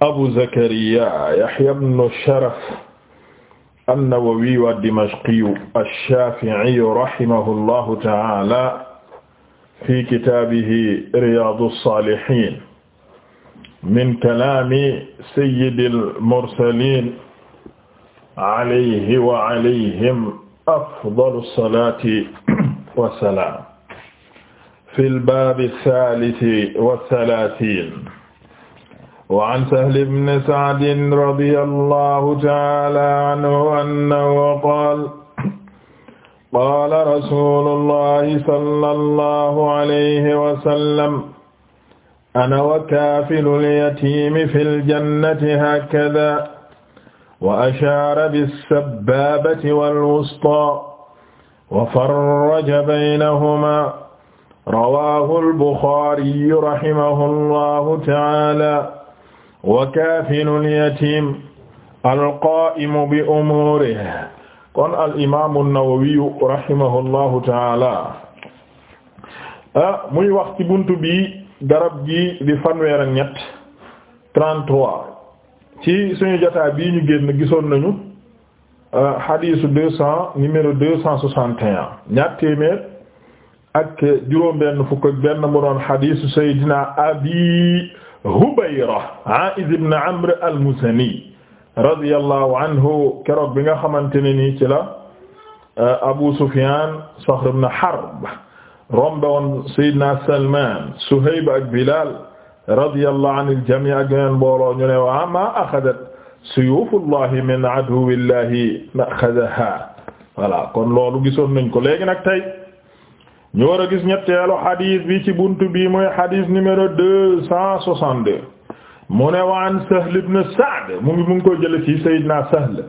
Abu Zakariya Yahya ibn Sharaf an-Nawawi ad-Dimashqi ash-Shafi'i rahimahullahu ta'ala fi kitaabihi Riyaadu s-Saalihiin min kalaami sayyidil mursaliin alayhi wa alayhim afdalu s-salaati wa s-salaam fil baabi s-saalisi wa s-salaasiin wa an Sahl ibn Sa'd radiyallahu ta'ala anhu annahu qaala qaala rasuulullahi sallallahu alayhi wa sallam ana wa kaafilul yatiimi fil jannati haakadhaa wa ashaara bis-sabbaabati wal wustaa wa farraja baynahumaa rawaahu al-Buxaari rahimahullahu ta'ala wa kaafilul yatiim alqaa'imu bi umuurihi kon al imaamu nawawiyu rahimahullahu taala muy wax ci buntu bi garab gi di fanweer ak ñett 33 ci suñu jotaay bii ñu génn gisoon nañu xadiisu 200 numéro 261 ñaar téeméer ak juróom benn fukk ak benn mu doon xadiisu Seydina Abi Hubayra A'iz ibn Amr al-Muzani radiyallahu anhu keroog bi nga xamante ne nii ci la euh, Abu Sufyan Saxr ibn Harb rombe woon Seydina Salman Suhayb ak Bilal radiyallahu anil jami' ak yeneen mbooloo ñu ne wa ma axadat suyufullahi min aduwwillahi ma axadaha voilà kon loolu gisoon nañ ko léegi nag tey ñu war a gis ñetteelu xadis bi ci buntu bi mooy xadis numéro deux cent soixante deux mu ne waan Sahl ibn Sa'd mu ngi mu ngi ko jële ci Seydina Sahl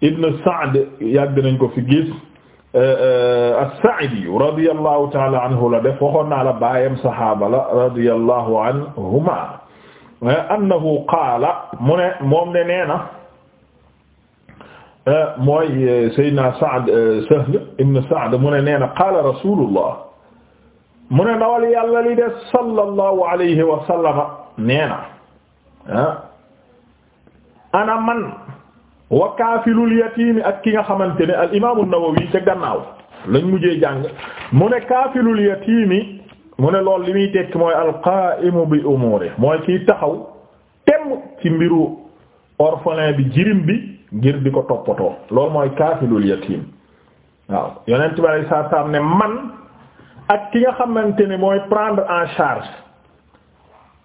ibn Sa'd yàgg nañ ko fi gis euh, euh, as-Sa'idi radiyallahu ta'ala anhu la def waxoon naa la baayam saxaaba la radiyallahu anhuma annahu qaala mu ne moom ne na Euh, mooy euh, Seydina Saad euh, Sahl ibn Saad mu ne nee na qaala rasulullah mu ne ndawal yàlla li de sallallahu alayhi wa sallama nee na ah ana man wa kaafilul yatiimi ak ki nga xamante ne al imaamu Nawawi ca gannaaw lañ mujjee jàng mu ne kaafilul yatiimi mu ne lool li muy tekki mooy alqaa'imu bi umuuri mooy kiy taxaw temm ci mbiru orphelin bi jirim bi. ngir di ko toppatoo loolu mooy kaafilul yatiim waaw yonent bi alayhi salaatu ne man ak ki nga xamante ne mooy prendre en charge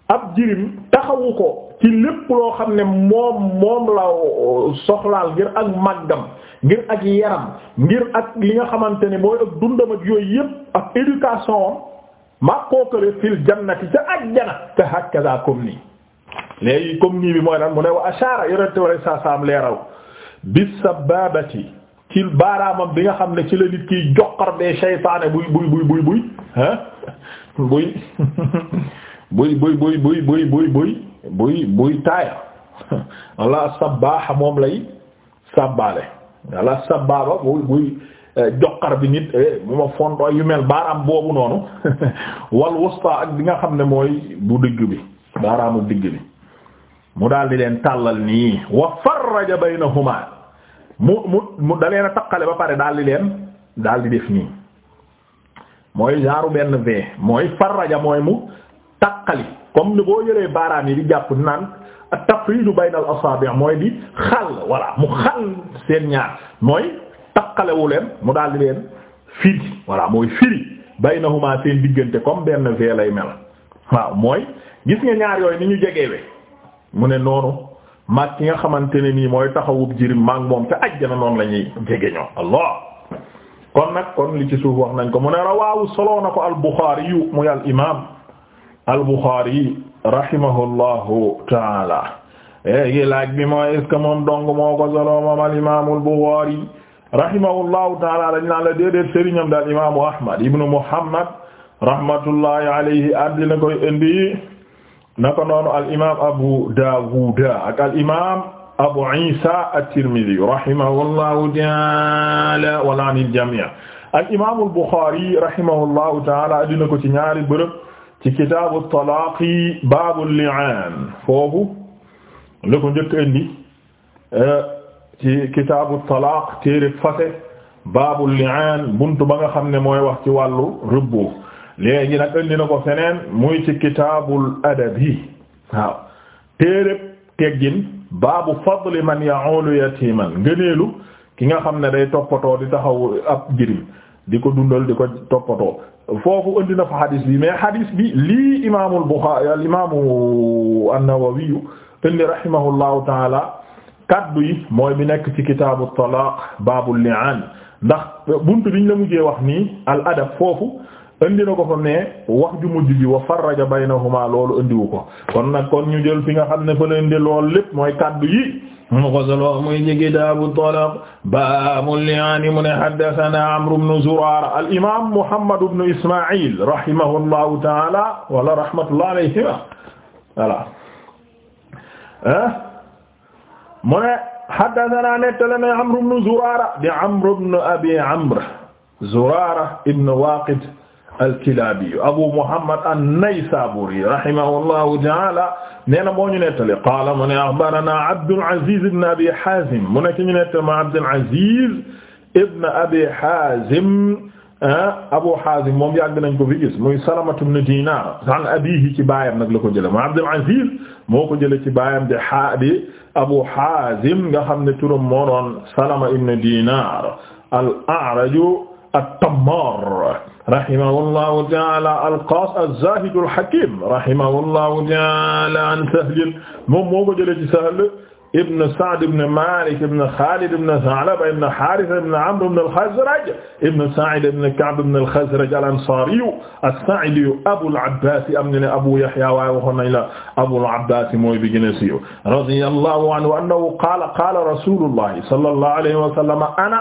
ab jirim taxawu ko ci lépp loo xam ne moom moom la uh, soxlaal ngir ak màggam ngir ak yaram ngir ak li nga xamante ne mooy ak dundam ak yooyu yépp ak éducation am maa kookale fil jannati ca ajjana te hakaza comme nii léegi comme nii bi mooy lan mu ne wa ashara yonente wala saa saam leeral bis sababati ci baaraamam bi nga xam ne ci la nit kiy joxar bee saytaane buy buy buy buy buy buy buy buy buy buy buy buy buy buy buy taaya moom lay sàbbaale walla sabbaaba buy buy eh, joxar bi nit eh, bu ma fontoo yu mel baaraam boobu noonu wal wusta ak bi nga xam ne mooy bu digg bi baaraamu digg bi mu daal di leen tàllal nii wa farraja baynahuma mu mu mu da leen a taqale ba pare daal di leen daal di def nii mooy genre benn v mooy farraja mooy mu taqali comme ni boo yëree baaraam yi di jàpp naan tafriiju bayna al asaabi' mooy di xal walla mu xal seen ñaar mooy taqalewu leen mu daal di leen firi walla mooy firi baynahuma seen diggante comme benn v lay mel waaw mooy gis nga ñaar yooyu ni ñu jegewe mu ne noonu maag ki nga xamante ne nii mooy taxawub jirim maag moom ca ajjana noonu la ñuy jegeñoo allah kon nag kon li ci suuf wax nañ ko mu ne rawaawu soloo na ko al-Bukhari yu muy al imam al-Bukhari rahimahullahu taala léegi laaj bi mooy est ce que moom dong moo ko soloo moom al al-Bukhari rahimahullahu taala dañ naan la déedéet sëriñam imaamu Ahmad ibnu Muhammad rahmatullahi alayhi addi na koy indi naka noonu al imaam Abu Daawud ak al imaam Abu Iisa at-Tirmidhi rahimahullahu ta'ala wa la'ana al-jamii' al imaam al-Bukhari rahimahullahu ta'ala addina ko ci ñaari bërëb ci kitaabu at-talaaq baabu al-li'aan foofu la ko njëkk indi eh, ci kitaabu at-talaaq téere fase baabu al-li'aan buntu ba nga xam ne mooy wax ci wàllu rëbboo léegi nag indi na ko feneen muy ci kitaabul adabi waaw téeréb teggin baabu fadli man ya'ulu yatiman ngëneelu ki nga xam ne day toppatoo di taxaw ab jirim di ko dundal di ko toppatoo foofu indi na fa bi mais xadis bi lii imaamul Buxaari al imaamu an-Nawawi indi rahimahullahu taala kaddu yi mooy bi nekk ci kitaabu talaaq baabul li'aan ndax buntu biñ la mujjee wax nii al adab foofu indi na ko fa mais wax ju mujj bi wa farraja baynahuma loolu indiwu ko kon nag kon ñu jël fi nga xam ne fa la indi loolu lépp mooy kaddu yi mu ko solo muy ñi kitaabu talaq baabul li'aan mu ne haddathana amru ibn zuraara al imaam muhammad ibn isma'il rahimahullahu ta'ala wala rahmatullah alayhima voilà mu ne haddathana nettalana amru ibn zuraara di amru ibn abi amr zuraara ibn waaqid al-Kilaabi Abu Muhammad an-Naysaburi rahimahullahu ta'ala nee na moo ñu nettali qaala mu ne axbaranaa Abdul Aziz ibn Abi Haazim mu nekk ñu nettali ma Abdul Aziz ibn Abi Haazim ah, Abu Haazim moom yàgg nañ ko fi gis muy Salamatu ibn Diinaar an abiihi ci baayam nag la ko jëlee ma Abdul Aziz moo ko jëlee ci baayam di ha di Abu Haazim nga xam ne turam moo doon Salama ibn Diinaar al-A'raj at-Tammaar rahimahullahu ta'ala al-Qaas az-Zaahid al-Hakiim rahimahullahu ta'ala an Sahl moom moo ko jëlee ci Sahl ibn Sa'd ibn Maalik ibn Xaalid ibn Sa'laba ibn Haarisa ibn Amr ibn al-Khazraj ibn Sa'iid ibn Ka'b ibn al-Khazraj al-Ansaari as-Saa'idi Abul Abbaas am na ne Abu Yahyaa waaye waxoon nañ la Abul Abbaas mooy bi gën a siiw radiyallahu anhu annahu qaala qaala rasuulullahi sallallahu alayhi wa sallam ana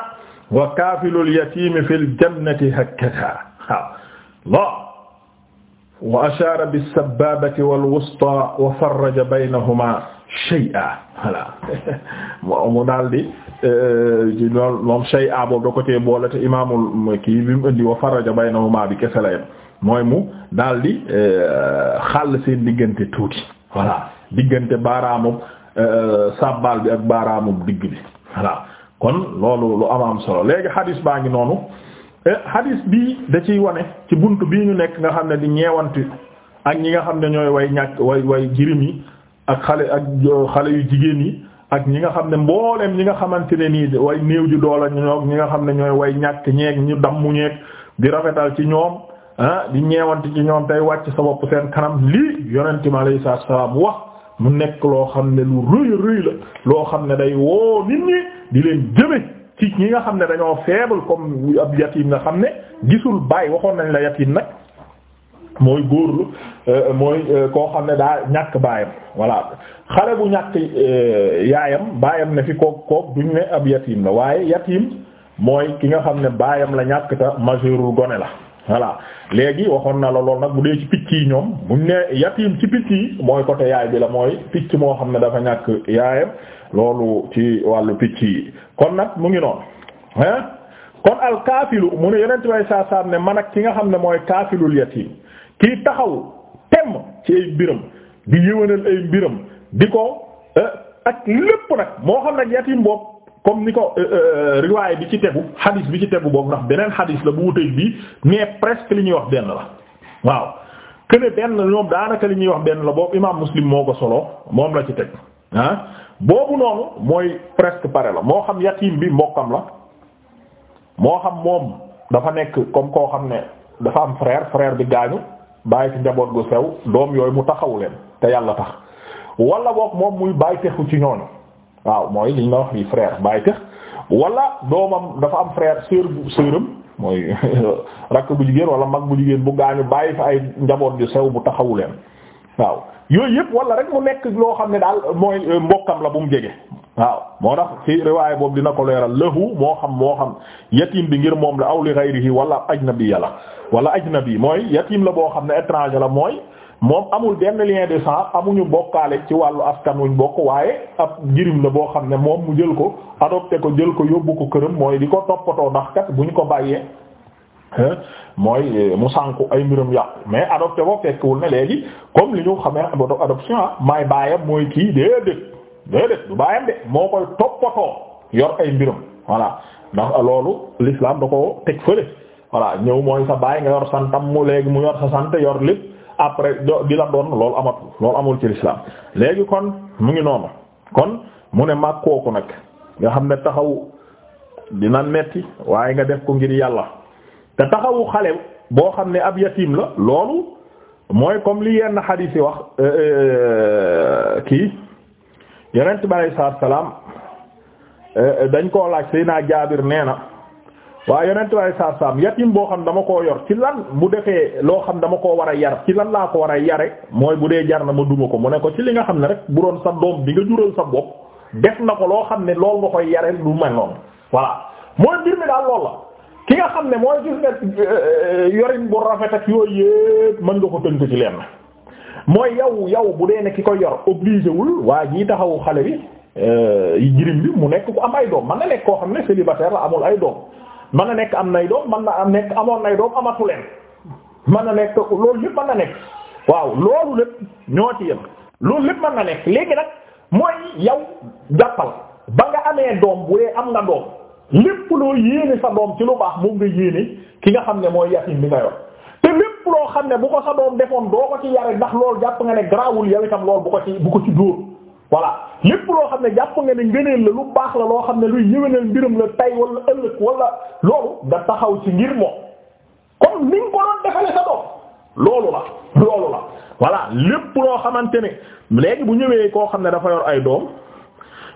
wa kaafilul yatiimi fil jannati hakkadaa waaw wa ashaara bis-sabbaabati wal wustaa wa farraja baynahumaa shay'an voilà mu daal di moom euh, shay'an boobu da ko cee boole te imaamul kii bi mu indi wa farraja baynahumaa bi kese la yem mooy mu daal di euh, xàll seen diggante tuuti voilà diggante baaraamu euh, sàbbaal bi ak baaraamu digg bi voilà. kon loolu lu amaam solo léegi hadis baa ngi noonu hadis e bii da ciy wane ci bunt bii ñu nekk nga xam ne di ñeewanti ak ñi nga xam ne ñooy way ñàkk way way jirim yi ak xale ak xale yu jigéen yi ak ñi nga xam ne mbooleem ñi nga xamante ne nii di way néew ju doola ñoog ñi nga xam ne ñooy way ñàkk ñeeg ñu dammu ñeeg di rafetal ci ñoom ah di ñeewanti ci ñoom tey wàcc sa bopp seen kanam lii yonente mi alayhi salaam wax mu nekk loo xam ne lu rëy rëy loo xam ne day woo di leen jëme ci ñi nga xam ne dañoo faible comme ab yatim nga xam ne gisul baay waxoon nañ la yatim nag mooy góor euh, mooy euh, koo xam ne daa ñàkk baayam voilà xale bu ñàkk euh, yaayam baayam ne fi kook kook duñ ne ab yatim la waaye yatim mooy ki nga xam ne baayam la ñàkk ta majeurul gone la voilà léegi waxoon na la lool nag bu dee ci picc yi ñoom buñ ne yatim ci picc yi mooy côté yaay bi la mooy picc moo xam ne dafa ñàkk yaayam loolu ci wàllu picc yi kon nag mu ngi noonu hein kon al kaafilu mu ne yeneen way saa saam ne man ak ki nga xam ne mooy kaafilul yatiim kii taxaw temm ci ay mbiram di yëwënal ay mbiram di ko eh, ak lépp nag moo xam nag yatiim boobu comme ni ko eh, eh, riwaay bi ci tegu hadis bi ci tegu boobu ndax beneen hadis la bu wuteeg bi mais presque li ñuy wax benn la waaw këne benn ñoom daanaka li ñuy wax benn la boobu imaam muslim moo ko solo moom la ci teg ah boobu noonu mooy presque pare la moo xam yatim bi mbokkam la moo xam moom dafa nekk comme koo xam ne dafa am frère frère bi gaañu bàyyi ci njaboot gu sew doom yooyu mu taxawu leen te yàlla tax wala boog moom muy bàyyi texu ci ñooñu waaw mooy liñ la wax yi frère bàyyi tex wala doomam dafa am frère sœur bu sœuram mooy rakk bu jigéen wala mag bu jigéen bu gaañu bàyyi fa ay njaboot gu sew mu taxawu leen waaw yooyu yëpp wala rek mu nekk loo xam ne daal mooy euh, mbokkam la bu mu jege waaw moo tax ci waaye boobu dina ko leeral lahu moo xam moo xam yatim bi ngir moom la aw li ghayrihi wala ajnabi la wala ajnabi mooy yatim la boo xam ne étranger la mooy moom amul benn lien de sang amuñu bokkaale ci wàllu askan wuñ bokk waaye ab jirim la boo xam ne moom mu jël ko adopté ko jël ko yóbbu ko këram mooy di ko toppatoo ndax kat bu ñu ko bàyyee mooy eh, mu sànku ay mbiram yàqu mais adopté boo fekkwul na léegi comme li ñu xamee adoption adoption ah, maay baayam mooy kii déedéet déedéet du baayam de moo koy toppatoo yor ay mbiram voilà ndax loolu l'islam da ko teg fële voilà ñëw mooy sa baay nga yor santam mu léegi mu yor sa sant yor lépp après di la doon loolu amatul loolu amul ci l'islam léegi kon mu ngi noonu kon mu ne mag kooku nag nga xam ne taxaw dina metti waaye nga def ko ngir yàlla te taxawu xale boo xam ne ab yatim la loolu mooy comme li yenn xadiis yi wax euh, euh, kii yonent bi alayhi salaatu salaam euh, dañ koo laaj naa Jaabir nee na waaw yonent bi alayhi salaatu salaam yatim boo xam dama koo yor ci lan bu defee loo xam dama koo war a yar ci lan laa ko war a yare mooy bu dee jar na ma duma ko mu ne ko ci li nga xam ne rek bu doon sa doom bi nga jural sa bopp def na ko loo xam ne lool nga koy yare lu mel noonu voilà mooy mbir daal loolu la. ki nga xam ne mooy gis nga euh, yorin bu rafet ak yooyu yëpp mën nga ko tënk ci leen mooy yow yow bu dee ne ki koy yor obligé wul waa jii taxawu xale bi euh, jirim bi mu nekk ku am ay doom man na nekk koo xam ne célibataire la amul ay doom man na nekk am nay doom man na am nekk amoon nay doom amatu leen man na nekk loolu lépp man na nekk waaw loolu lépp ñoo ci yem loolu lépp man na nekk léegi nag mooy yow jàppal ba nga amee doom bu am nga doom lépp loo yéene sa doom ci lu baax moom nga yéene ki nga xam ne mooy yatim bi nga yor te lépp loo xam ne bu ko sa doom defoon doo ko ci yare ndax loolu jàpp nga ne garaawul yow itam loolu bu ko ci bu ko ci dóor voilà lépp loo xam ne jàpp nga ne ngëneel la lu baax la loo xam ne luy yéwénal mbirum la tay wala ëllëg wala loolu nga taxaw ci ngir moom comme ni nga ko doon defale sa doom loolu la loolu la voilà lépp loo xamante ne léegi bu ñëwee koo xam ne dafa yor ay doom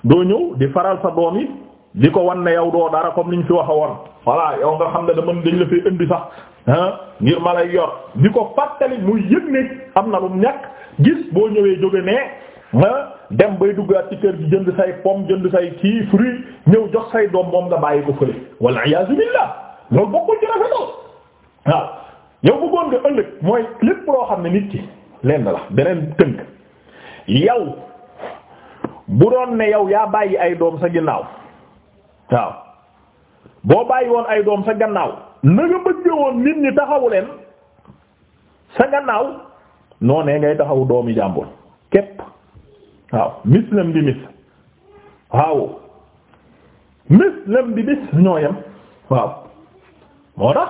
doo ñëw di faral sa doom yi di ko wan ne yow doo dara comme ñu fi waxa woon voilà yow nga xam ne da mën dañ la fay indi sax ah ngir ma lay yor di ko fàttali muy yëg ne am na lu ñàkk gis boo ñëwee jóge nee ah dem bay duggaat ci kër gi jënd say pomme jënd say kii fruit ñëw jox say doom moom nga bàyyi ko fële walla iyaazu billah loolu bokkul ci rafetoo waaw yow bëggoon nga ëllëg mooy lépp loo xam ne nit ki lenn la beneen tënk yow bu doon ne yow yaa bàyyi ay doom sa ginnaaw. waaw boo bàyyi woon ay doom sa gannaaw na nga bëgge woon nit ñi taxawu leen sa gannaaw noonee ngay taxawu doomi jàmbur képp waaw mislam di mis waaw mislam di bis ñooyam waaw moo tax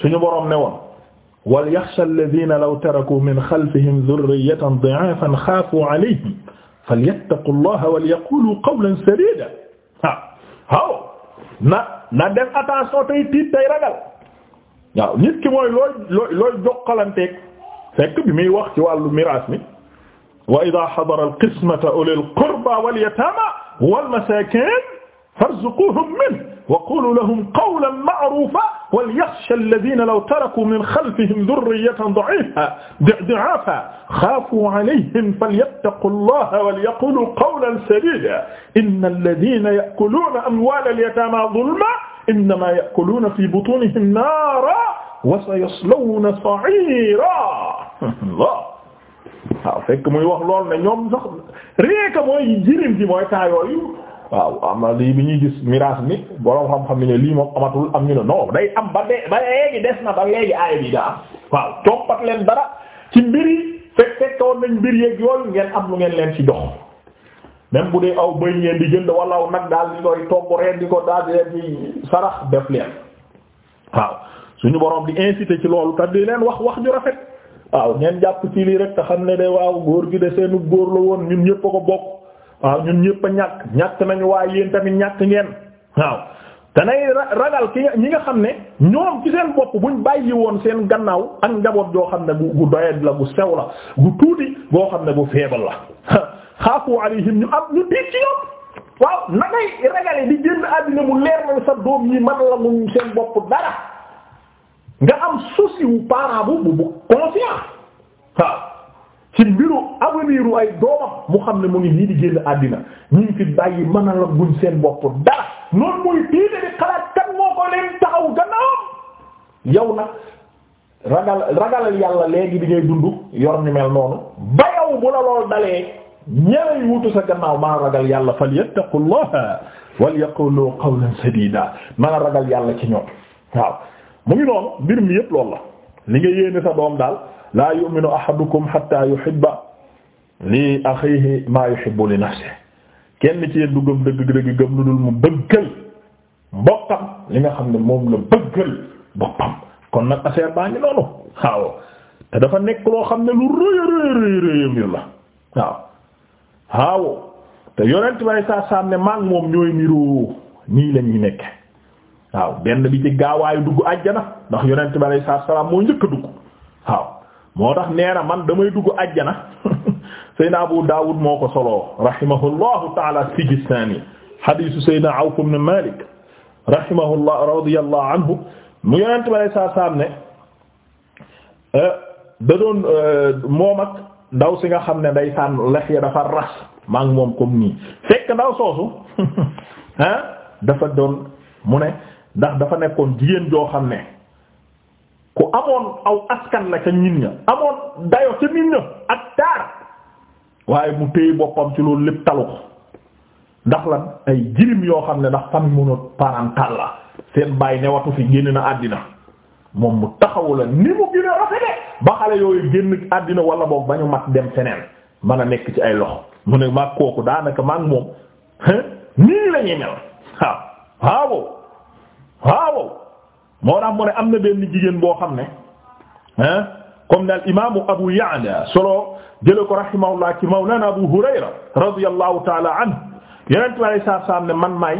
suñu boroom ne woon wal yaxsha alladina law taraku min xalfihim durriyatan di'afan xaafu alayhim falyattaqu allaha walyaqulu qawlan sadida waaw waaw na na def attention tey tiit tey ragal waaw nit ki mooy looy looy looy jokkalanteeg fekk bi muy wax ci wàllu miraas mi wa idha hadara al-qismata ulil qurba wal yatama wal masakin farzuquhum minhu wa qulu lahum qawlan ma'rufa وليخشى الذين لو تركوا من خلفهم ذرية ضعيفة ضعافا خافوا عليهم فليتقوا الله وليقولوا قولا سديدا إن الذين يأكلون أموال اليتامى ظلما إنما يأكلون في بطونهم نارا وسيصلون سعيرا Allah waaw fekk muy wax lool ne ñoom sax réeka mooy jirim ji mooy taayooyu waaw am na lii bi ñuy gis miraas mi borom xam-xam ne lii moom amatul am ñu ne non day am ba dee ba léegi des na ba léegi ay bi daa am waaw toppat leen dara ci mbir yi fekk fekkoon nañ mbir yeeg yooyu ngeen am lu ngeen leen ci jox même bu dee aw bëy ngeen di jënd wala aw nag daal di koy togg reen di ko daal di leen di sarax def leen waaw suñu borom di inciter ci loolu ta di leen wax wax ju rafet waaw ngeen jàpp ci lii rek te xam ne de waaw góor gi de seenu góor la woon ñun ñëpp ko bokk. waaw ñun ñëpp a ñàkk ñàkk nañu waaye yéen tamit ñàkk ngeen waaw te ragal ki ñi nga xam ne ñoom ci seen bopp ñu bàyyi woon seen gannaaw ak njaboot joo xam ne bu bu la bu sew la bu tuuti boo xam ne bu feebal la xaafu alayhim ñu am ñu tiit ci ñoom waaw na ragale di génn àddina mu leer na sa doom yi man la mu seen bopp dara nga am souci wu bu bu conscient waaw ci mbiru aveniru ay doomam mu xam ne mu ngi nii di génn àddina ñu ngi fi bàyyi mën a la guñ seen bopp dara noonu muy tiite di xalaat kan moo ko leen taxaw gannaawam yow na ragal ragalal yàlla léegi di ngay dund yor ni mel noonu ba yow bu la lool dalee ñëwee wutu sa gannaaw maa ragal yàlla falyattaqullaha walyaqulu qawlan sadida maa ragal yàlla ci ñoom waaw mu ngi noonu mbir mi yépp loolu la li nga yéene sa doom daal. laa yu'minu ahadukum hatta yuhibba li akhihi ma yuhibbu li nafsihi kenn ci yéen du gëm dëgg-dëgg gëm lu dul mu bëggal mbokkam li nga xam ne moom la bëggal boppam kon nag affaire baa ngi noonu waaw te dafa nekk loo xam ne lu rëy rëy rëy mbir la waaw waaw te yonent bay saa saa ne maak moom ñooy niroo nii lañuy nekk waaw benn bi ci gaawaayu dugg àjjana ndax yonent bi alay saa salaam njëkk dugg waaw moo tax nee na man damay dugg ajjana na Abu Dawud moo ko soloo rahimahullahu taala Sijistani hadiisu Seydina Awf ibn Malik rahimahullah radiyallahu anhu mu yonent bi alayhi salaatu salaam ne euh, da doon euh, moom ak ndaw si nga xam ne day sànn lex dafa ras maa moom comme nii fekk ndaw soosu ah dafa doon mu ne ndax dafa nekkoon jigéen joo xam ne ku amoon aw askan la ca ñin ña amoon dayo ca ñin ña ak taar waaye mu téye boppam ci loolu lépp talu ko ndax la ay jirim yoo xam ne ndax famille monoparentale la seen bàyyi newatu fi génn na àddina moom mu taxawu la ni mu gën rafete ba xale yooyu génn àddina wala boo ba ñu mat dem feneen mën a nekk ci ay loxo mu ne maag kooku daanaka maag moom nii la mel waaw waaw waaw moo tax mu ne am na benn jigéen boo xam ne ah comme ne al Abu Ya'la solo jële ko rahimahullah ci mawlana Abu Hurayra radiyallahu ta'ala anhu yeneen tubaab yi saa ne man may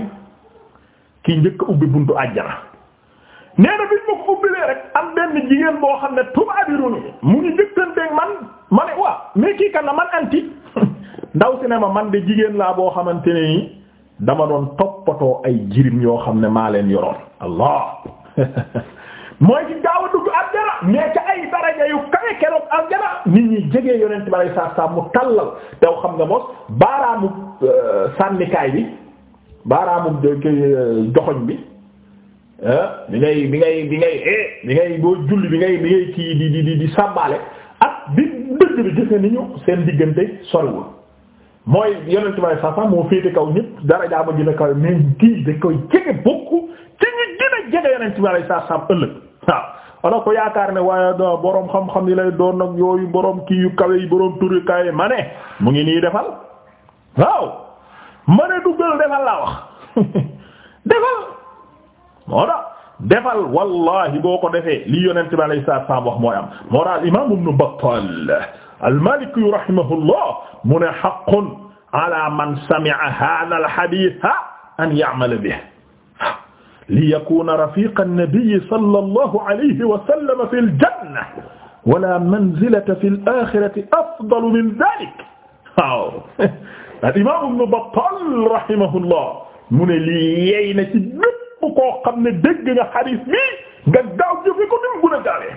kii njëkk ubbi buntu àjjana. nee na bi ma ko ubbilee rek am benn jigéen boo xam ne tubaabiruni mu ngi njëkkanteeg man ma ne waaw mais kii kan la man anti ndaw si ne ma man de jigéen laa boo xamante ne dama doon toppatoo ay jirim yoo xam ne maa leen yoroon mooy ci gaaw a dugg aljana mais ca ay daraja yu kawe keroog aljana nit ñi jege yonent bi alayhi salaatu salaam mu tallal taw xam nga mos baaraamu euh, sànnikaay bi baaraamu euh, joxoñ bi bi euh, bi ngay bi ngay bi ngay eh, ngay kii di di di di ak bi dëgg bi gis nga ni ñu seen diggante soriwul mooy yonent bi alayhi salaatu moo féete kaw ñëpp daraja ma gën a kawe mais da koy jege bokk gën a jege yonent bi alayhi salaam ëllëg waaw wala ko yaakaar ne waaye da boroom xam-xam yi lay doon nag yooyu boroom kii yu kawe yi boroom turi kawe ma ne mu ngi nii defal waaw ma ne duggal defal laa wax defal moo tax defal wallahi boo ko defee li yonent bi alayhi salaam wax mooy am moo tax imaam Ibn Battal al-Maliki rahimahullah mu ne haqqun ala man sami'a hadha al-hadith an ya'mala bihi li yakuna rafiqa an-nabi sallallahu alayhi wa sallam fil janna wala manzilata fil akhirati afdalu min dhalik waaw al-imam ibn Battal rahimahullah mu ne lii yey na ci bépp koo xam ne dégg nga xadis bi nga gaaw jëfe ko nim gën a gaawee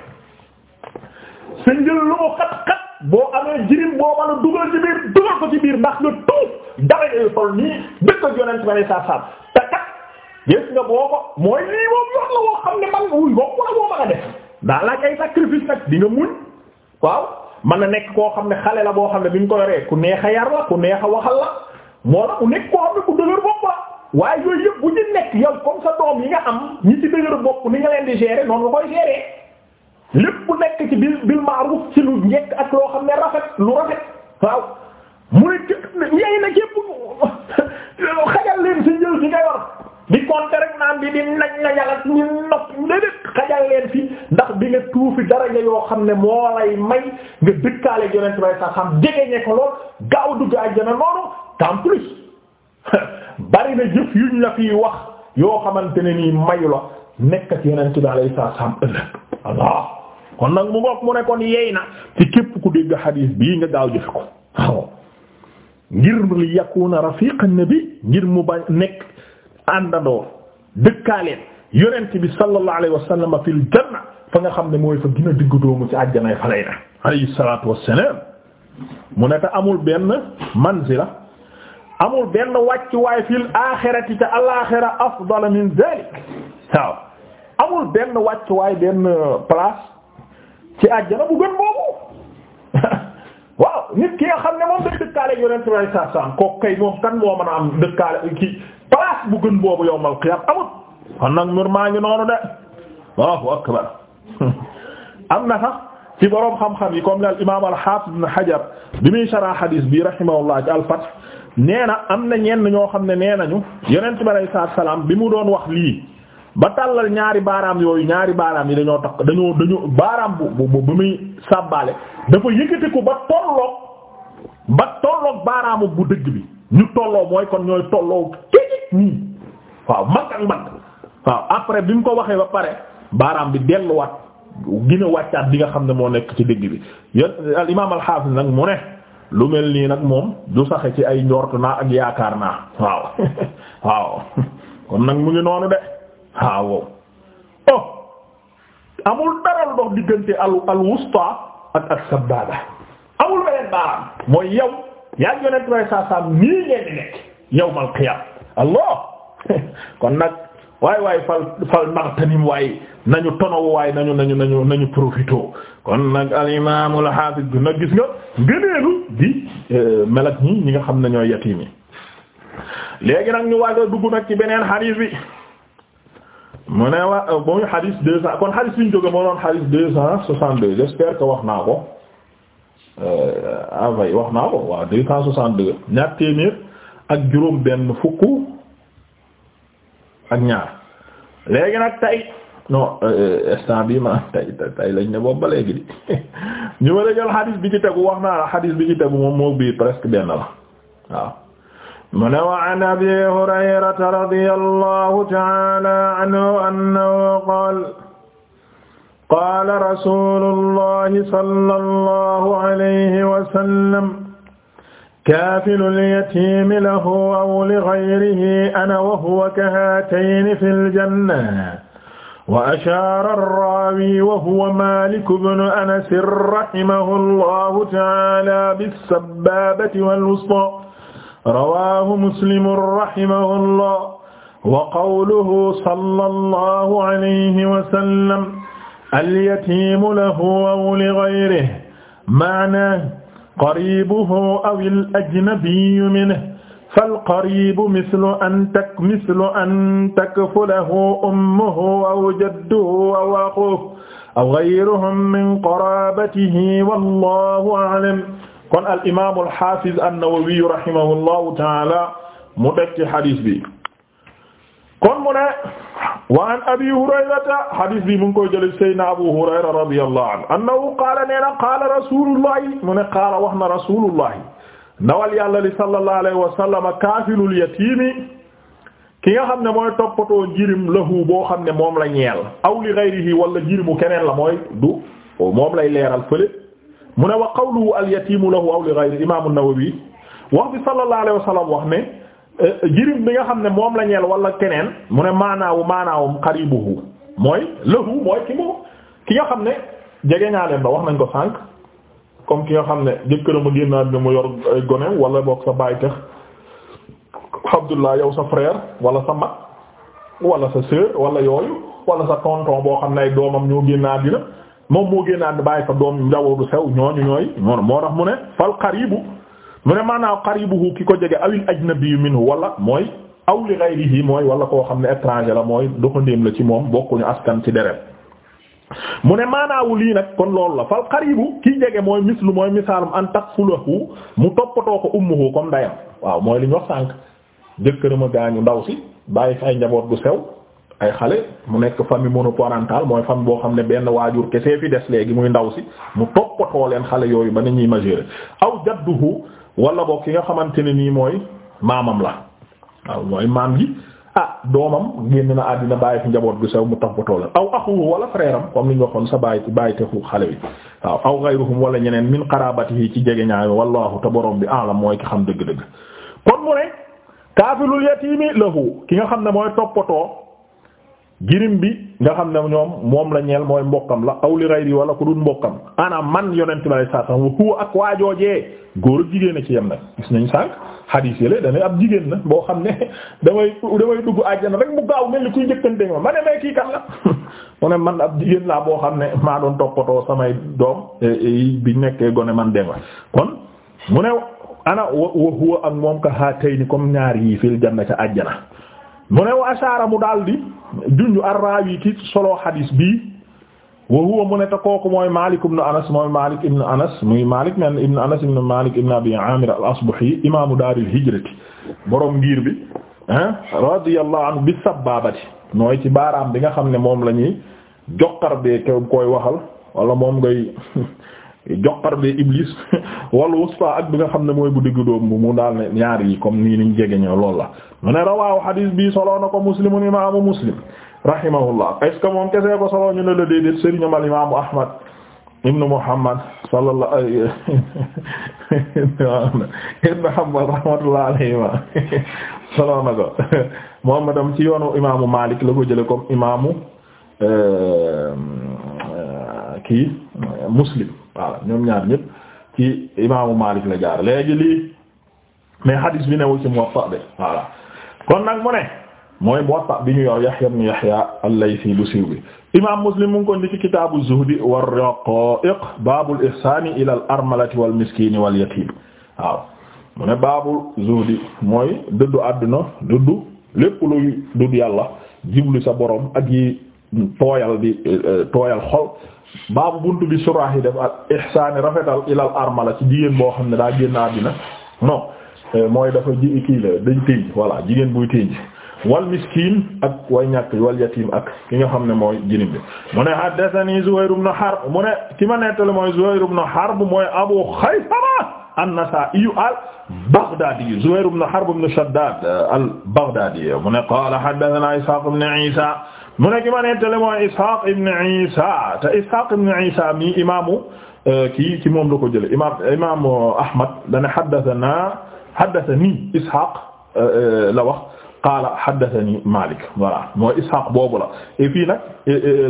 sa njël lu ko xat-xat boo amee jirim boo mën a dugal ci biir dugal ko ci biir ndax nga tuuf dara ngay sol nii dëkk ak yonent ba ne saa saam gis nga boo ko mooy lii moom yoon la woo xam ne man wuy bokk la boo mën sacrifice nag di muñ waaw man na nekk koo xam ne xale la boo xam ne bi ñu ko yoree ku neex a yar la ku neex a waxal la moo la ku nekk koo xam ne ku dëgër bopp waaye yooyu yëpp bu nekk nga am ci ni nga leen di gérer noonu nga lépp bu nekk ci bil bil ma'ruf ci lu njekk ak loo xam ne rafet lu rafet waaw mu ne yey na képp xajal leen si njël si nga yor di compter rek naan bi di nañ na yàlla di nopp déedéet xajal leen fi ndax bi nga tuufi daraja yoo xam ne moo lay may nga dëkkaale yonent bay sax ko lool gaaw dugg àjjana noonu na jëf yuñ la fi wax yoo xamante ne nii mayu la nekk ak yonent bi alayhi salaam ëllëg Allah kon nag mu ngoog mu ne kon na ci képp ku dégg xadiis bii nga gaaw jëfe ko waaw ngir li yakuna rafiqan nabi ngir mu ba nekk àndandoo dëkkaaleen yonent bi sallallahu alayhi wa sallam fa nga xam ne mooy fa gën a diggu doomu ci àjjanaay fa lay na alayhi salaatu wassalaam mu ne te amul benn manzila amul benn wàccuwaay fil aaxirati ca alaaxira afdal min dalik waaw amul benn wàccuwaay benn place ci àjjana bu gën boobu waaw nit ki nga xam ne moom day dëkkaale yonent bi sallallahu alayhi wa sallam kay moom kan moo mën a am dëkkaale ki place bu gën boobu yowmal qiyam amut kon maa ngi noonu de Allahu akbar am na sax ci boroom xam-xam yi comme al imaam al-Hafiz ibn Hajar bi muy sarah hadis bi rahimahullah ci al-Fath na am na ñenn ñoo xam ne nee nañu yonent bi alayhi salaatu salaam bi mu doon wax lii ba tàllal ñaari baaraam yooyu ñaari baaraam yi dañoo takk dañoo dañoo baaraam bu bu bu muy sàbbaale dafa yëkkati ko ba tolloog ba tolloog baaraamu bu dëgg bi ñu tolloo mooy kon ñooy tolloo nii waaw mag ak mag waaw après bi mu ko waxee ba pare baaraam bi delluwaat gina wàccaat bi nga xam ne moo nekk ci digg bi yéen al imaam al xaafis nag mu ne lu mel nii nag moom du saxe ci ay njort naa ak yaakaar naa waaw waaw kon nag mu ngi noonu de waaw oh amul dara dox diggante al al wusta ak ak sabbaada amul beneen baaraam mooy yow yaa ngi yonent bi sallallahu alayhi nii ngeen di nekk yawmal qiyaama allah kon nag waay waay fal fal naqtanim waay nañu tonaw waay nañu nañu nañu nañu profito kon nag al imam al nag gis nga ngëneelu di euh, mel ñi ñi nga xam ne ñooy yatiim léegi nag ñu waaj a dugg nag ci beneen hadith bi mu ne wa euh, mooy hadith deux cent kon hadith bi ñu jóge moo doon hadith deux cent soixante deux j'espère wax naa ko euh, avay ah, wax naa ko waaw deux cent soixante deux ñaar téeméer ak juróom benn fukk ak ñaar léegi nag tey non euh, instant bi ma tey tey lañ ne boobu ba léegi di ñu ma la jël xadiis bi ci tegu wax naa la xadiis bi ci tegu moom moo bii presque benn la waaw mu ne wa an abi hurayrata radiyallahu ta'ala anhu annahu qaala qaala rasuulullahi sallallahu alayhi wa sallam kaafilu lyatiimi lahu aw ligayrihi ana wa huwa kahaatayni fi ljanna wa ashaara arraawi wa huwa maaliku bnu anasin rahimahu allahu taala bissabbaabati walwusta rawaahu muslimun rahimahu llah wa qawluhu sallallahu alayhi wa sallam alyatiimu lahu aw ligayrihi maanaa qaribuhu aw al-ajnabiyyu minhu fal-qaribu mislu an tak mislu an takfulahu ummuhu aw jadduhu aw axuuhu aw ghayruhum min qaraabatihi wallaahu a'lam. kon al-imaam al-haafiz an-Nawawi rahimahullahu ta'aala mu dëkk ci hadiis bi kon mu ne wa an abi hurayrata hadis bi mu ngi koy jële saydna abu hurayra radiyallahu anhu annahu qaala nee na qaala rasulullahi mu ne qaala wax na rasulullahi ndawal yàlla li sallallahu alayhi wa sallama kaafilul yatiimi ki nga xam ne mooy toppatoo jirim lahu boo xam ne moom la ñeel aw li ghayrihi wala jirimu keneen la mooy du moom lay leeral fële mu ne wa qawluhu al yatiimu lahu aw li ghayrihi imaamu nawawi wax bi sallallahu alayhi wa sallam wax ne Euh, jirim bi nga xam ne moom la ñeel wala keneen mu ne maanaawu maanaawum xaribuhu mooy lahu mooy ki mu ki nga xam ne jege ñaaleen ba wax nañ ko sànq comme ki nga xam ne jëkkëram a génnaat bi mu yor goneem wala boog sa baay tax Abdullah yow sa frère wala sa mag wala sa sœur wala yooyu wala sa tonton boo xam ne ay doomam ñoo génnaat dina moom moo génnaat bàyyi fa doom jaww du sew ñooñu ñooy moo tax mu ne fal xaribu mu ne maanaam qaribuhu ki ko jege awil ajnabi minhu wala mooy aw li ghayrihi mooy wala koo xam ne étranger la mooy doxandéem la ci moom bokkuñu askan ci deret mu ne maanaawu lii nag kon loolu la fal qaribu ki jege mooy mislu mooy misaalum an takfulahu mu toppatoo ko ummuhu comme ndeyam waaw mooy li ñu wax sànq jëkkëram a gaañu ndaw si bàyyi fi ay njaboot gu sew ay xale mu nekk famille monoparentale mooy famille boo xam ne benn waajur kese fi des léegi muy ndaw si mu toppatoo leen xale yooyu ba na ñuy majeur aw jadduhu wala boog ki nga xamante ne nii mooy maamam la waaw mooy maam gi ah doomam génn na àddina bàyyi fi njaboot gu sew mu toppatoo la aw axuhu wala frère waxoon sa bàyyi bàyyi tefu xale aw ghayruhum wala ñeneen min qarabatihi ci jege ñaay wallahu bi a'lam mooy xam dëgg-dëgg kon mu ne kaafilul yatiimi lahu ki nga xam ne mooy toppatoo girim bi nga xam ne ñoom moom la ñeel mooy mbokkam la aw li ghayri wala ko dul mbokkam ana man yonent ma lay saa sax huwa ak waajoojee góor ak jigéen a ci yem nag gis nañ sànq xadiis yi la ab jigéen na boo xam ne damay damay dugg àjjana rek mu gaaw mel ma ma ne may kii kan la mu ne man ab jigéen laa boo xam ne maa doon toppatoo samay doom e, e, bi nekkee gone man dégg kon mu ne ana wa huwa comme ñaar yi fil janna ca mu daldi junj ar-raawi ki solo xadiis bi wa huwa mu ne te kooku mooy Maalik ibn Anas mooy Maalik ibn Anas muy Maalik men ibn Anas ibn Maalik ibn Abi Aamir al-Asbahi imaamu daaril hijrati borom giir bi ah, radiyallahu anhu bi sababati nooy ci baaraam bi nga xam ne moom la ñuy jokkar bee kew koy waxal wala moom ngay joxar be iblis wala wusta ak bi nga xam ne mooy bu digg doom bu mu daal ne ñaar yi comme nii niñ jege ñoo loolu la mu ne rawaaw xadiis bi soloo na ko muslimun imaamu muslim rahimahullah est-ce que moom kesee ko soloo la déedéet sëriñam al imaamu ahmad ibnu muhammad sallallahu ibnu muhammad rahmatullah alayhima soloo na ci yoonu imaamu malik la ko jële comme imaamu euh, kii muslim voilà ñoom ñaar ñëpp ki imaamu Maalik la jaar léegi lii mais hadis bi newu ci Muwatta de kon nag mu ne mooy Muwatta bi ñu yor Yahya ibn Yahya al-Laythi bu siiw bi imam Muslim mu ngi ko ndi ci zuhdi war raqaa'iq baabul ihsaani ila al armalati wal miskiini mu ne baabul zuhdi mooy dëddu àdduna dëddu lépp luy dëddu yàlla jiblu sa ak yi tooyal di eh, eh, tooyal xol baabu buntu bi suraax yi def al ihsaani rafetal ilal armala ci jigéen boo xam ne daa génn àddina non euh, mooy dafa ji kii la dañ tëj voilà jigéen buy tëj wal miskiin ak way ñàkk wal yatiim ak ki nga xam ne mooy jirim bi mu ne haddathani Zuhayr ibn Harb mu ne ki ma nettale mooy Zuhayr ibn Harb mooy Abu Khaythama an-Nasaa'i al-Baghdaadi Zuhayr ibn Harb ibn Shaddaad euh, al-Baghdaadi mu ne qaala haddathanaa Ishaaq ibn Iisaa mu ne ki ma nettali mooy Ishaq ibn Isa te Ishaq ibn Isa mi imaamu euh, kii ci moom la ko jëlee imaam imaamu Ahmad dana haddathana haddathani Ishaq euh, euh, la wax qaala haddathani Malik voilà mooy Ishaq boobu la. et fii nag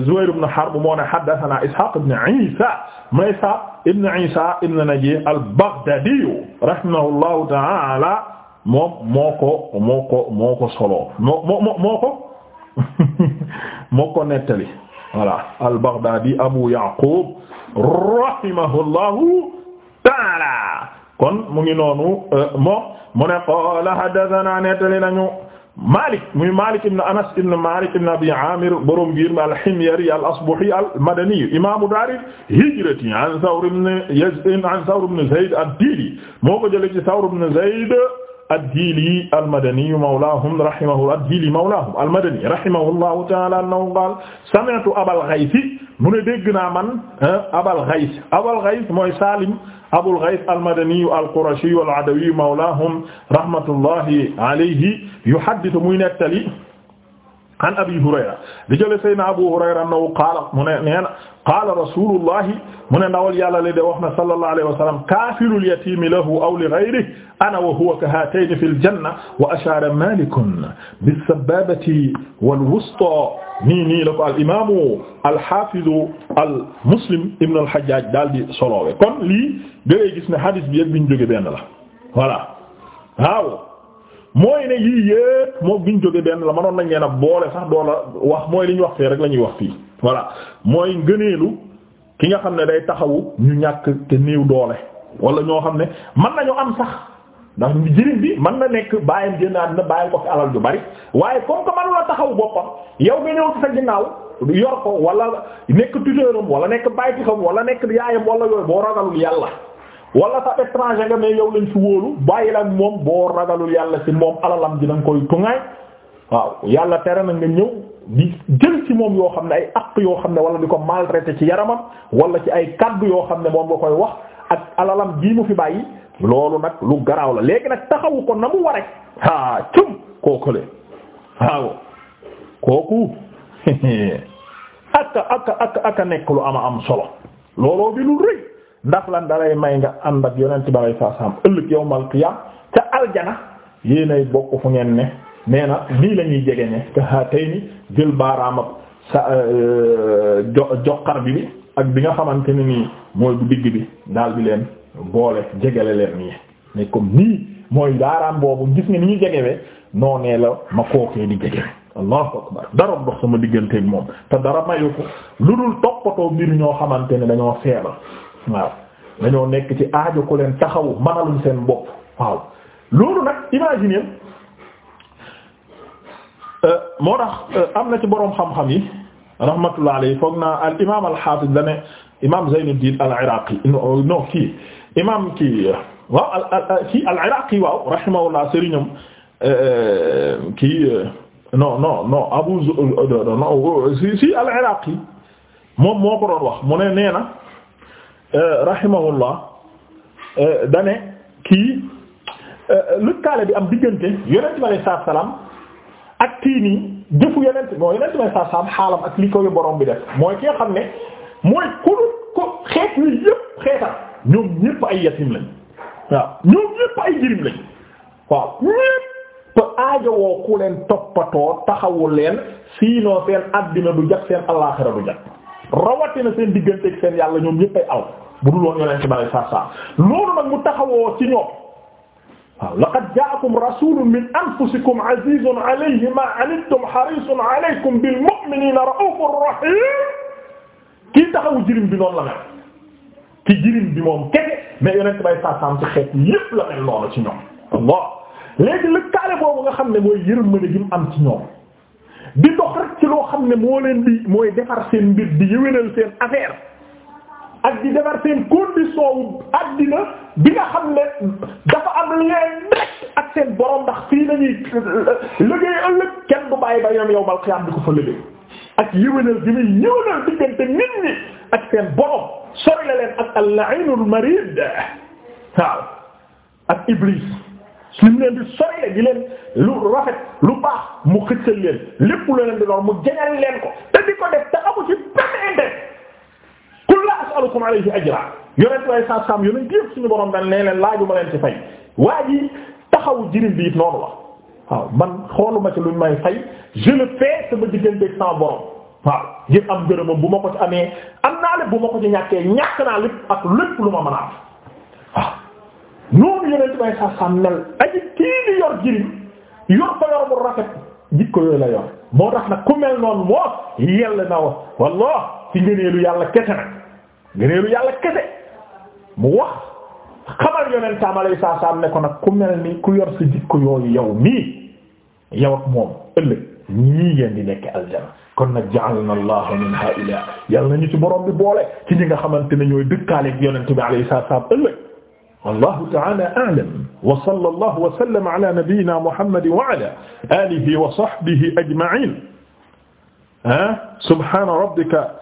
Zuhayr ibn Harb moo ne haddathana Ishaq ibn Isa ma Ishaq ibn Isa ibn Najih al-Baghdadi rahimahullahu ta'ala moom moo ko moo ko moo ko solo moo moo moo ko. moo ko nettali voilà al-Baghdadi Abu Yaqub rahimahullahu taala kon mu ngi noonu euh, moo mu ne qaala haddathana nettali nañu Malik muy Malik ibn Anas ibn Malik ibn Abi Amir borom ngir mi al-Himyari al-Asbahi al-Madani imamu daari hijrati an Thawr ibn Yazid an Thawr ibn Zayd ad-Dili moo ko jële ci Thawr ibn Zayd ad-Diili al-Madani mawlaahum rahimahu ad-Diili mawlaahum al-Madani rahimahullahu ta'aala annahu qaala sami'tu Abal Ghays mu ne dégg naa man Abal Ghays Abal Ghays mooy Saalim Abul Ghays al-Madani al-Qurashi al-Adawi mawlaahum rahmatullahi alayhi yuhaddithu muy nettali an abi hurayra di jële sayna abu hurayra annahu qaala mu ne nee na qaala rasulullahi mu ne ndawal yàlla li de wax na sallallahu alayhi wa sallam kaafilul yatiimi lahu aw li ghayrihi ana wa huwa ka haatayni fil janna wa ashaara maalikun bis-sabbaabati wal wustaa nii nii la ko al imaamu al haafizu al muslim ibn al hajjaaj daal di soloowe kon lii gëree gis ne hadis bi yëpp bi ñu jóge benn la voilà waaw mooy ne yii yépp moom biñ jóge benn la manoon nañ leen a boole sax doo la wax mooy li ñu wax fee rek la ñuy wax fii voilà mooy ngëneelu ki nga xam ne day taxawu ñu ñàkk te néew doole wala ñoo xam ne mën nañu am sax ndax jëriñ bi mën na nekk bàyyi génnaat na bàyyam ko fi alal ju bari waaye comme que mënu la taxawu boppam yow nga ñëw ci sa ginnaaw yor ko wala nekk tuteuram wala nekk bàyyi xam walla nekk yaayam wala yooyu boo ragalul yàlla wala sa étranger nga mais yow lañ fi wóolu bàyyi la moom boo ragalul yàlla si moom alalam ji da nga koy tuŋaay waaw yàlla tere na nga ñëw di jël ci moom yoo xam ne ay àq yoo xam ne wala di ko maltraité ci yaramam wala ci ay kaddu yoo xam ne moom nga koy wax ak alalam ji mu fi bàyyi loolu nag lu garaaw la léegi nag taxawu ko na mu war rek ah cum kooku le waaw kooku aka aka aka aka nekk lu ama am solo looloo bi lu rëy. ndax lan dalay may nga ànd ak yonent ba lay saa saam ëllëg yawmal qiyaam ca aljana yéenay bokk fu ngeen ne nee na lii la ñuy jege ne te tey ni jël baaraam ak sa euh, jo joxar bi bi ak bi nga xamante ni nii mooy bu digg bi daal bi leen boole jegele leen nii mais comme nii mooy baaraam boobu gis nga ni ñu jegewee noonee la ma kookee di jegewee allahu akbar dara dox sama digganteeg moom te dara mayu ko lu dul toppatoo mbir ñoo xamante ne dañoo feebar. waaw dañoo nekk ci aajo ku leen taxawu mënaluñ seen bopp waaw loolu nag imaginer euh, moo tax euh, am na ci boroom xam-xam yi rahmatullah alayhi foog naa al imaam al hafiz da ne imaam Zaynuddin al Iraqi non kii imaam kii al kii waaw rahimahullah sëriñam si al Iraqi moo ko wax mu ne nee Euh, rahimahullah euh, dane kii euh, lëkkaale bi am diggante yonent bi alay salaam ak kii nii jëfu yonent moo yonent bi alay salaam xaalam ak li koy borom bi def mooy ki nga xam ne mooy kulut ko xeet yi yépp xeetal ñoom ñépp ay yatim lañ waaw ñoom ñépp ay jirim lañ waaw ñépp aajo woo ku leen toppatoo taxawu leen siinoo seen àddina du jag seen alaaxira du jag rawatina seen diggante ak seen yàlla ñoom ñépp ay aw bu dul woon yonent bi loolu nag mu taxawoo ci ñoom waaw laqad ja'akum rasulun min anfusikum azizun alayhi ma anittum harisun alaykum bil mu'minina ra'ufur rahim kii taxawu jirim bi noonu la mel ki jirim bi moom kese mais yonent bi saa saa ci xeet yépp la mel noonu ci ñoom Allah léegi lëkkaale boobu nga xam ne mooy yërmande gi mu am ci ñoom di dox ci loo xam ne moo leen di mooy defar seen mbir di yëwénal seen affaire ak di defar seen condition wu àddina bi nga xam ne dafa am leen rek ak seen borom ndax fii lañuy euh, liggéey ëllëg kenn du bàyyi ba ñoom yow bal xiyaam di ko fa liggéey ak yëwénal bi muy ñëwénal diggante nit ñi ak seen borom sori la leen ak al-la'inul marid waaw ak iblis lim leen di sorile di leen lu rafet lu baax mu xëccal leen lépp lu leen di lool mu jañal leen ko te di ko def te amu ci benn intérêt qul la as'alukum alayhi ajra yonent way sa sam yonent yëpp suñu borom dañ ne leen laaju ma leen ci fay waa ji taxaw jirim bi it noonu la waaw man xooluma ci luñ may fay je le fais sama digganteeg sama borom waaw ngir am gërëmam bu ma ko ci amee am naa lépp bu ma ko ci ñàkkee ñàkk naa lépp ak lépp lu ma mën a am waaw noonu yonent way sa sam nel aji kii di yor jirim yor ko yor bu rafet jikko yooyu la yor moo tax nag ku mel noonu moo yell na wa wallah ci ngëneelu yàlla kese nag ngëneelu yàlla kese mu wax xamal yonentam alayhi salaam ne ko nag ku mel ni ku yor si jikko yooyu yow mii yow ak moom ëllëg ñii ngeen di nekk aljana kon nag ja'alna allah min ha'ila yàlla nañu ci borom bi boole ci ñi nga xamante ne ñooy dëkkaaleeg yonent bi alayhi salaam ëllëg wallahu ta'ala a'lam wa sallallahu wa sallama ala nabiyyina muhammadin wa ala alihi wa sahbihi ajma'in ha ah, subhana rabbika